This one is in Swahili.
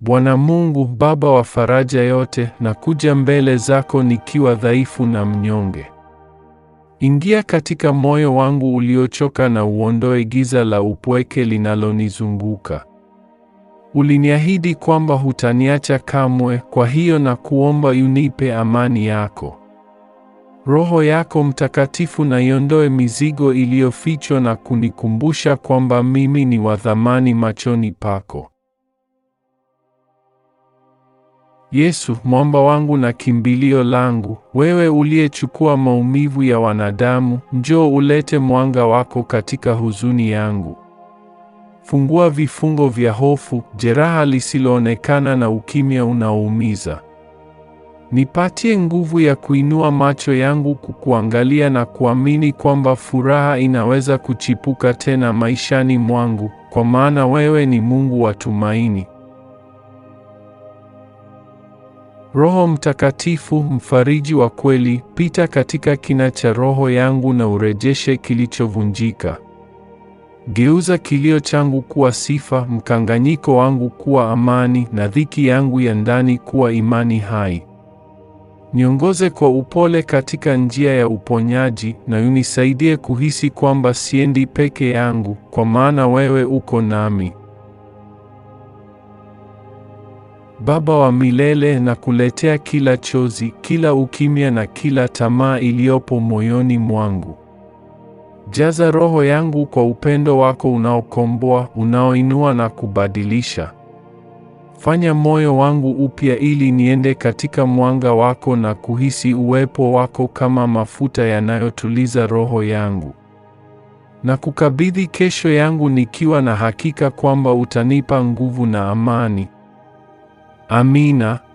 Bwana Mungu Baba wa faraja yote, nakuja mbele zako nikiwa dhaifu na mnyonge. Ingia katika moyo wangu uliochoka na uondoe giza la upweke linalonizunguka. Uliniahidi kwamba hutaniacha kamwe, kwa hiyo na kuomba unipe amani yako. Roho yako Mtakatifu na iondoe mizigo iliyofichwa na kunikumbusha kwamba mimi ni wa thamani machoni pako. Yesu, mwamba wangu na kimbilio langu, wewe uliyechukua maumivu ya wanadamu, njoo ulete mwanga wako katika huzuni yangu. Fungua vifungo vya hofu, jeraha lisiloonekana na ukimya unaoumiza. Nipatie nguvu ya kuinua macho yangu kukuangalia na kuamini kwamba furaha inaweza kuchipuka tena maishani mwangu, kwa maana wewe ni Mungu wa tumaini. Roho Mtakatifu, mfariji wa kweli, pita katika kina cha roho yangu na urejeshe kilichovunjika. Geuza kilio changu kuwa sifa, mkanganyiko wangu kuwa amani, na dhiki yangu ya ndani kuwa imani hai. Niongoze kwa upole katika njia ya uponyaji, na unisaidie kuhisi kwamba siendi peke yangu, kwa maana wewe uko nami. Baba wa milele, nakuletea kila chozi, kila ukimya na kila tamaa iliyopo moyoni mwangu. Jaza roho yangu kwa upendo wako unaokomboa, unaoinua na kubadilisha. Fanya moyo wangu upya ili niende katika mwanga wako na kuhisi uwepo wako kama mafuta yanayotuliza roho yangu. Na kukabidhi kesho yangu nikiwa na hakika kwamba utanipa nguvu na amani. Amina,